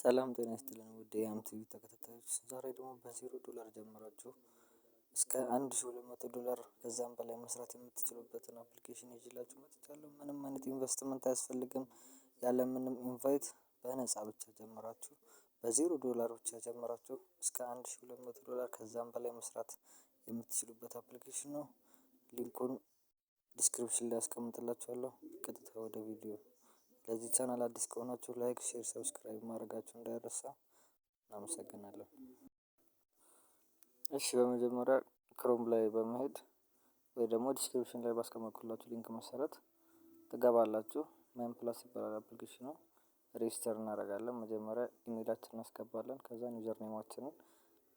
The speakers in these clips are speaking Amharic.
ሰላም ጤና ይስጥልን ውድ የአምቲቪ ተከታታዮች ዛሬ ደግሞ በዜሮ ዶላር ጀምራችሁ እስከ አንድ ሺ ሁለት መቶ ዶላር ከዛም በላይ መስራት የምትችሉበትን አፕሊኬሽን ይዤላችሁ መጥቻለሁ። ምንም አይነት ኢንቨስትመንት አያስፈልግም። ያለምንም ኢንቫይት በነፃ ብቻ ጀምራችሁ በዜሮ ዶላር ብቻ ጀምራችሁ እስከ አንድ ሺ ሁለት መቶ ዶላር ከዛም በላይ መስራት የምትችሉበት አፕሊኬሽን ነው። ሊንኩን ዲስክሪፕሽን ላይ አስቀምጥላችኋለሁ። ቀጥታ ወደ ቪዲዮ ለዚህ ቻናል አዲስ ከሆናችሁ ላይክ፣ ሼር፣ ሰብስክራይብ ማድረጋችሁ እንዳይረሳ። እናመሰግናለን። እሺ በመጀመሪያ ክሮም ላይ በመሄድ ወይ ደግሞ ዲስክሪፕሽን ላይ ባስቀመጥኩላችሁ ሊንክ መሰረት ትገባላችሁ። ማይን ፕላስ ይባላል አፕሊኬሽኑ። ሬጅስተር እናደርጋለን። መጀመሪያ ኢሜይላችን እናስገባለን። ከዛን ዩዘር ኔማችንን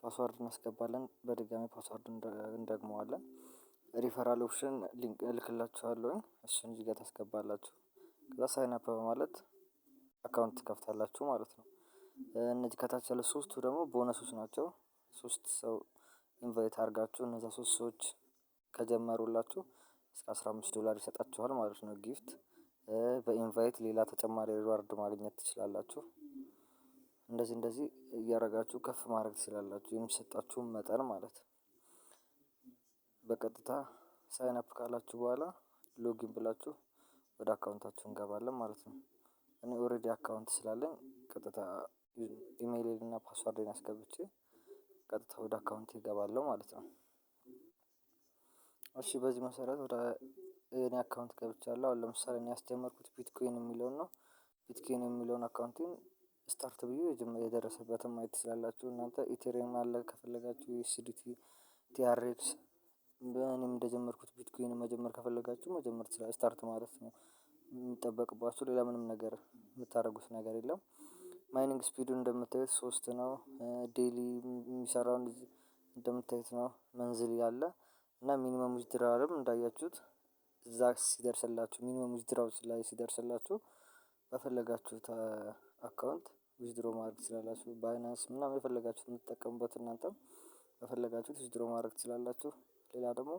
ፓስዋርድ እናስገባለን። በድጋሚ ፓስዋርድ እንደግመዋለን። ሪፈራል ኦፕሽን ሊንክ እልክላችኋለሁ። እሱን እዚህ ጋር ታስገባላችሁ። ከዛ ሳይን አፕ በማለት አካውንት ትከፍታላችሁ ማለት ነው። እነዚህ ከታች ያሉት ሶስቱ ደግሞ ቦነሶች ናቸው። ሶስት ሰው ኢንቫይት አድርጋችሁ እነዛ ሶስት ሰዎች ከጀመሩላችሁ እስከ አስራ አምስት ዶላር ይሰጣችኋል ማለት ነው ጊፍት። በኢንቫይት ሌላ ተጨማሪ ሪዋርድ ማግኘት ትችላላችሁ። እንደዚህ እንደዚህ እያረጋችሁ ከፍ ማድረግ ትችላላችሁ የሚሰጣችሁን መጠን ማለት በቀጥታ ሳይን አፕ ካላችሁ በኋላ ሎጊን ብላችሁ ወደ አካውንታችሁ እንገባለን ማለት ነው። እኔ ኦሬዲ አካውንት ስላለኝ ቀጥታ ኢሜሌን እና ፓስዋርዴን አስገብቼ ቀጥታ ወደ አካውንት ይገባለሁ ማለት ነው። እሺ በዚህ መሰረት ወደ የኔ አካውንት ገብቻለሁ። አሁን ለምሳሌ እኔ ያስጀመርኩት ቢትኮይን የሚለውን ነው። ቢትኮይን የሚለውን አካውንቴን ስታርት ብዬ የደረሰበትን ማየት ትችላላችሁ። እናንተ ኢቴሪየም አለ ከፈለጋችሁ ዩኤስዲቲ ቲአርኤክስ እኔም እንደጀመርኩት ቢትኮይን መጀመር ከፈለጋችሁ መጀመር ትችላላችሁ ስታርት ማለት ነው። የሚጠበቅባችሁ ሌላ ምንም ነገር የምታደርጉት ነገር የለም። ማይኒንግ ስፒዱን እንደምታዩት ሶስት ነው ዴይሊ የሚሰራው እንደምታዩት ነው መንዝል ያለ እና ሚኒመም ዊዝድራውልም እንዳያችሁት እዛ ሲደርስላችሁ ሚኒመም ዊዝድራውል ላይ ሲደርስላችሁ በፈለጋችሁት አካውንት ዊዝድሮ ማድረግ ትችላላችሁ ባይናንስ ምናምን የፈለጋችሁት የምትጠቀሙበት እናንተም በፈለጋችሁት ዊዝድሮ ማድረግ ትችላላችሁ ሌላ ደግሞ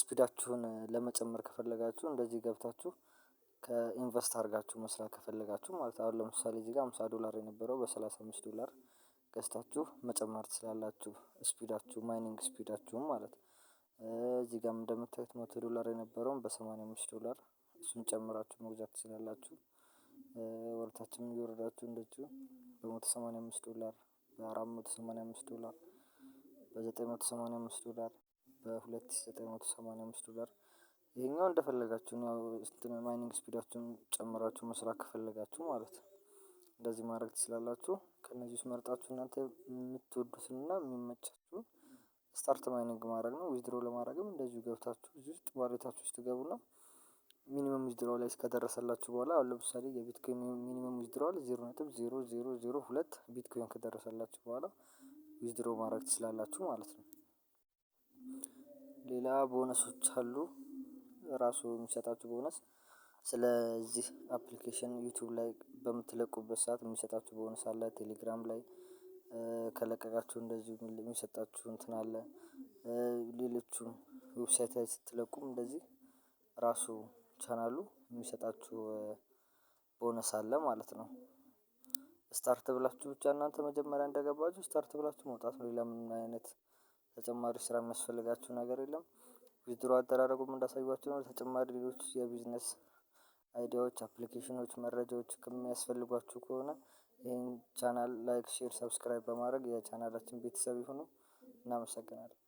ስፒዳችሁን ለመጨመር ከፈለጋችሁ እንደዚህ ገብታችሁ ከኢንቨስት አድርጋችሁ መስራት ከፈለጋችሁ ማለት አሁን ለምሳሌ እዚህ ጋር ዶላር የነበረው በሰላሳ አምስት ዶላር ገዝታችሁ መጨመር ትችላላችሁ። ስፒዳችሁ ማይኒንግ ስፒዳችሁም ማለት እዚህ ጋርም እንደምታዩት መቶ ዶላር የነበረውን በሰማንያ አምስት ዶላር እሱን ጨምራችሁ መግዛት ትችላላችሁ። ወደታችም እየወረዳችሁ እንደዚሁ በመቶ ሰማንያ አምስት ዶላር በአራት መቶ ሰማንያ አምስት ዶላር በ985 ዶላር በ2985 ዶላር። ይሄኛው እንደፈለጋችሁ ነው ማይኒንግ ስፒዳችሁን ጨምራችሁ መስራት ከፈለጋችሁ ማለት ነው። እንደዚህ ማድረግ ትችላላችሁ። ከእነዚህ ውስጥ መርጣችሁ እናንተ የምትወዱትንና የሚመቻችሁን ስታርት ማይኒንግ ማድረግ ነው። ዊዝድሮ ለማድረግም እንደዚሁ ገብታችሁ እዚህ ውስጥ ዋሌታችሁ ውስጥ ሚኒመም ዊዝድሮ ላይ እስከደረሰላችሁ በኋላ አሁን ለምሳሌ የቢትኮይን ሚኒመም ዊዝድሮ ዜሮ ነጥብ ዜሮ ዜሮ ዜሮ ሁለት ቢትኮይን ከደረሰላችሁ በኋላ ዊዝድሮ ማድረግ ትችላላችሁ ማለት ነው። ሌላ ቦነሶች አሉ። ራሱ የሚሰጣችሁ ቦነስ ስለዚህ አፕሊኬሽን ዩቱብ ላይ በምትለቁበት ሰዓት የሚሰጣችሁ ቦነስ አለ። ቴሌግራም ላይ ከለቀቃችሁ እንደዚሁ የሚሰጣችሁ እንትን አለ። ሌሎቹም ዌብሳይት ላይ ስትለቁም እንደዚህ ራሱ ቻናሉ የሚሰጣችሁ ቦነስ አለ ማለት ነው። ስታርት ብላችሁ ብቻ እናንተ መጀመሪያ እንደገባችሁ ስታርት ብላችሁ መውጣት ነው። ሌላ ምንም አይነት ተጨማሪ ስራ የሚያስፈልጋችሁ ነገር የለም። ዊዝድሮ አደራረጉም እንዳሳያችሁ ነው። ተጨማሪ ሌሎች የቢዝነስ አይዲያዎች፣ አፕሊኬሽኖች፣ መረጃዎች ከሚያስፈልጓችሁ ከሆነ ይህን ቻናል ላይክ፣ ሼር፣ ሰብስክራይብ በማድረግ የቻናላችን ቤተሰብ ይሁኑ። እናመሰግናለን።